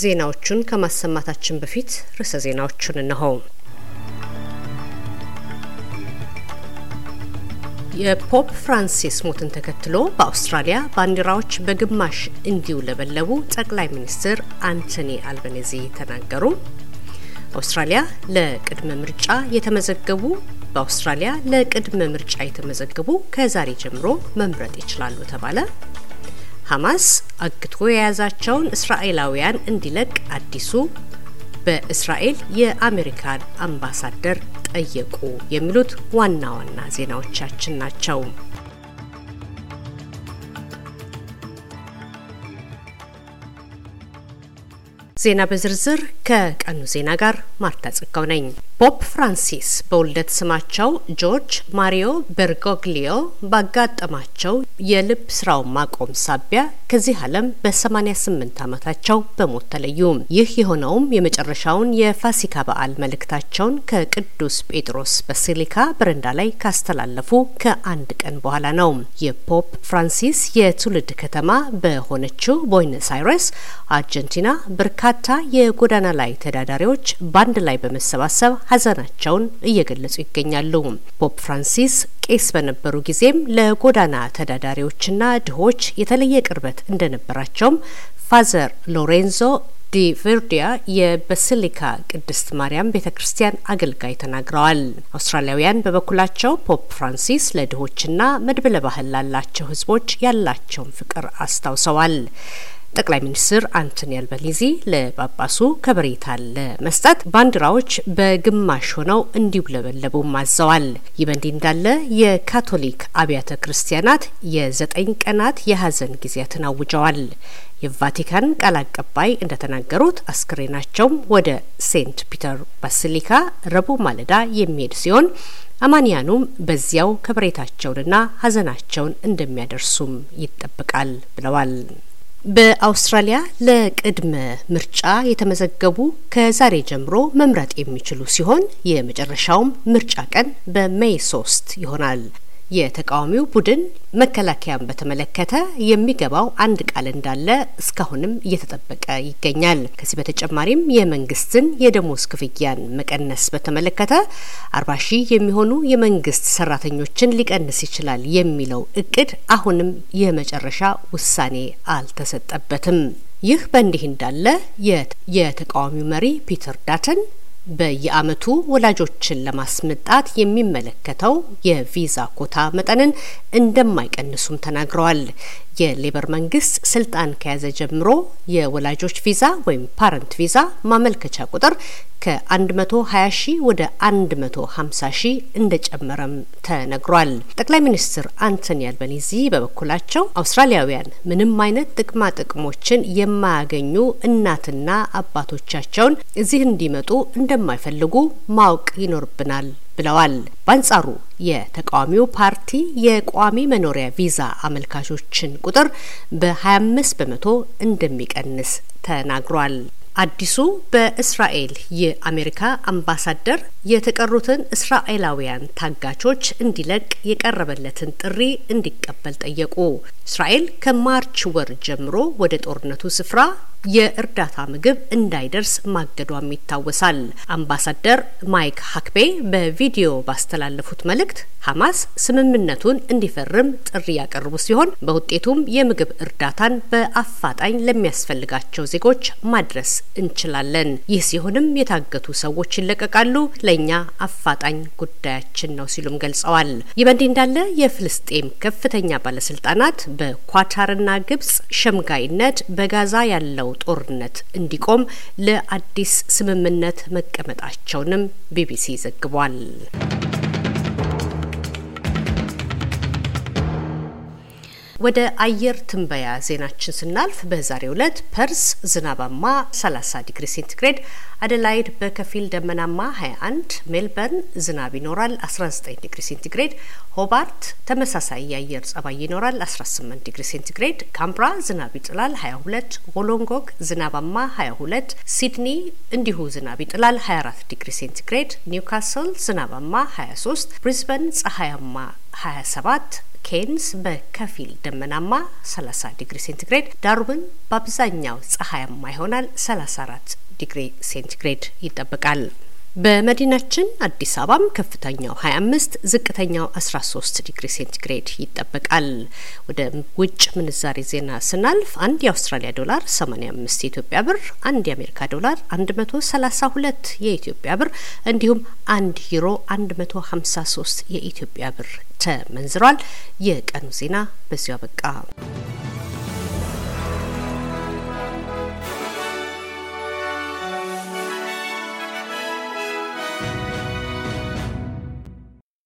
ዜናዎቹን ከማሰማታችን በፊት ርዕሰ ዜናዎቹን እነሆ። የፖፕ ፍራንሲስ ሞትን ተከትሎ በአውስትራሊያ ባንዲራዎች በግማሽ እንዲውለበለቡ ጠቅላይ ሚኒስትር አንቶኒ አልበኔዚ ተናገሩ። አውስትራሊያ ለቅድመ ምርጫ የተመዘገቡ በአውስትራሊያ ለቅድመ ምርጫ የተመዘገቡ ከዛሬ ጀምሮ መምረጥ ይችላሉ ተባለ። ሐማስ አግቶ የያዛቸውን እስራኤላውያን እንዲለቅ አዲሱ በእስራኤል የአሜሪካን አምባሳደር ጠየቁ የሚሉት ዋና ዋና ዜናዎቻችን ናቸው። ዜና በዝርዝር ከቀኑ ዜና ጋር ማርታ ጽጋው ነኝ። ቦብ ፍራንሲስ በውልደት ስማቸው ጆርጅ ማሪዮ በርጎግሊዮ ባጋጠማቸው የልብ ስራው ማቆም ሳቢያ ከዚህ ዓለም በ88 ዓመታቸው በሞት ተለዩ። ይህ የሆነውም የመጨረሻውን የፋሲካ በዓል መልእክታቸውን ከቅዱስ ጴጥሮስ በሲሊካ በረንዳ ላይ ካስተላለፉ ከአንድ ቀን በኋላ ነው። የፖፕ ፍራንሲስ የትውልድ ከተማ በሆነችው ቦይነስ አይረስ አርጀንቲና በርካታ የጎዳና ላይ ተዳዳሪዎች በአንድ ላይ በመሰባሰብ ሀዘናቸውን እየገለጹ ይገኛሉ። ፖፕ ፍራንሲስ ቄስ በነበሩ ጊዜም ለጎዳና ተዳዳሪዎችና ድሆች የተለየ ቅርበት እንደነበራቸውም ፋዘር ሎሬንዞ ዲ ቨርዲያ የባሲሊካ ቅድስት ማርያም ቤተ ክርስቲያን አገልጋይ ተናግረዋል። አውስትራሊያውያን በበኩላቸው ፖፕ ፍራንሲስ ለድሆችና መድብለ ባህል ላላቸው ሕዝቦች ያላቸውን ፍቅር አስታውሰዋል። ጠቅላይ ሚኒስትር አንቶኒ አልበኒዚ ለጳጳሱ ከበሬታ ለመስጠት ባንዲራዎች በግማሽ ሆነው እንዲውለበለቡም አዘዋል። ይህ በእንዲህ እንዳለ የካቶሊክ አብያተ ክርስቲያናት የዘጠኝ ቀናት የሀዘን ጊዜያትን አውጀዋል። የቫቲካን ቃል አቀባይ እንደተናገሩት አስክሬናቸውም ወደ ሴንት ፒተር ባሲሊካ ረቡዕ ማለዳ የሚሄድ ሲሆን አማንያኑም በዚያው ከበሬታቸውንና ሀዘናቸውን እንደሚያደርሱም ይጠበቃል ብለዋል። በአውስትራሊያ ለቅድመ ምርጫ የተመዘገቡ ከዛሬ ጀምሮ መምረጥ የሚችሉ ሲሆን የመጨረሻውም ምርጫ ቀን በሜይ ሶስት ይሆናል። የተቃዋሚው ቡድን መከላከያን በተመለከተ የሚገባው አንድ ቃል እንዳለ እስካሁንም እየተጠበቀ ይገኛል። ከዚህ በተጨማሪም የመንግስትን የደሞዝ ክፍያን መቀነስ በተመለከተ አርባ ሺህ የሚሆኑ የመንግስት ሰራተኞችን ሊቀንስ ይችላል የሚለው እቅድ አሁንም የመጨረሻ ውሳኔ አልተሰጠበትም። ይህ በእንዲህ እንዳለ የተቃዋሚው መሪ ፒተር ዳተን በየአመቱ ወላጆችን ለማስመጣት የሚመለከተው የቪዛ ኮታ መጠንን እንደማይቀንሱም ተናግረዋል። የሌበር መንግስት ስልጣን ከያዘ ጀምሮ የወላጆች ቪዛ ወይም ፓረንት ቪዛ ማመልከቻ ቁጥር ከ120 ሺህ ወደ 150 ሺህ እንደጨመረም ተነግሯል። ጠቅላይ ሚኒስትር አንቶኒ አልበኒዚ በበኩላቸው አውስትራሊያውያን ምንም አይነት ጥቅማ ጥቅሞችን የማያገኙ እናትና አባቶቻቸውን እዚህ እንዲመጡ እንደማይፈልጉ ማወቅ ይኖርብናል ብለዋል። በአንጻሩ የተቃዋሚው ፓርቲ የቋሚ መኖሪያ ቪዛ አመልካቾችን ቁጥር በ25 በመቶ እንደሚቀንስ ተናግሯል። አዲሱ በእስራኤል የአሜሪካ አምባሳደር የተቀሩትን እስራኤላውያን ታጋቾች እንዲለቅ የቀረበለትን ጥሪ እንዲቀበል ጠየቁ። እስራኤል ከማርች ወር ጀምሮ ወደ ጦርነቱ ስፍራ የእርዳታ ምግብ እንዳይደርስ ማገዷም ይታወሳል። አምባሳደር ማይክ ሀክቤ በቪዲዮ ባስተላለፉት መልእክት ሀማስ ስምምነቱን እንዲፈርም ጥሪ ያቀርቡ ሲሆን በውጤቱም የምግብ እርዳታን በአፋጣኝ ለሚያስፈልጋቸው ዜጎች ማድረስ እንችላለን። ይህ ሲሆንም የታገቱ ሰዎች ይለቀቃሉ፣ ለእኛ አፋጣኝ ጉዳያችን ነው ሲሉም ገልጸዋል። ይህ በእንዲህ እንዳለ የፍልስጤም ከፍተኛ ባለስልጣናት በኳታርና ግብጽ ሸምጋይነት በጋዛ ያለው ጦርነት እንዲቆም ለአዲስ ስምምነት መቀመጣቸውንም ቢቢሲ ዘግቧል። ወደ አየር ትንበያ ዜናችን ስናልፍ በዛሬው ዕለት ፐርስ ዝናባማ 30 ዲግሪ ሴንቲግሬድ፣ አደላይድ በከፊል ደመናማ 21፣ ሜልበርን ዝናብ ይኖራል 19 ዲግሪ ሴንቲግሬድ፣ ሆባርት ተመሳሳይ የአየር ጸባይ ይኖራል 18 ዲግሪ ሴንቲግሬድ፣ ካምብራ ዝናብ ይጥላል 22፣ ወሎንጎግ ዝናባማ 22፣ ሲድኒ እንዲሁ ዝናብ ይጥላል 24 ዲግሪ ሴንቲግሬድ፣ ኒውካስል ዝናባማ 23፣ ብሪዝበን ፀሐያማ 27 ኬንስ በከፊል ደመናማ 30 ዲግሪ ሴንቲግሬድ፣ ዳርዊን በአብዛኛው ፀሐያማ ይሆናል 34 ዲግሪ ሴንቲግሬድ ይጠበቃል። በመዲናችን አዲስ አበባም ከፍተኛው 25 ዝቅተኛው 13 ዲግሪ ሴንቲግሬድ ይጠበቃል። ወደ ውጭ ምንዛሬ ዜና ስናልፍ አንድ የአውስትራሊያ ዶላር 85 የኢትዮጵያ ብር፣ አንድ የአሜሪካ ዶላር 132 የኢትዮጵያ ብር እንዲሁም አንድ ዩሮ 153 የኢትዮጵያ ብር ተመንዝሯል። የቀኑ ዜና በዚሁ አበቃ።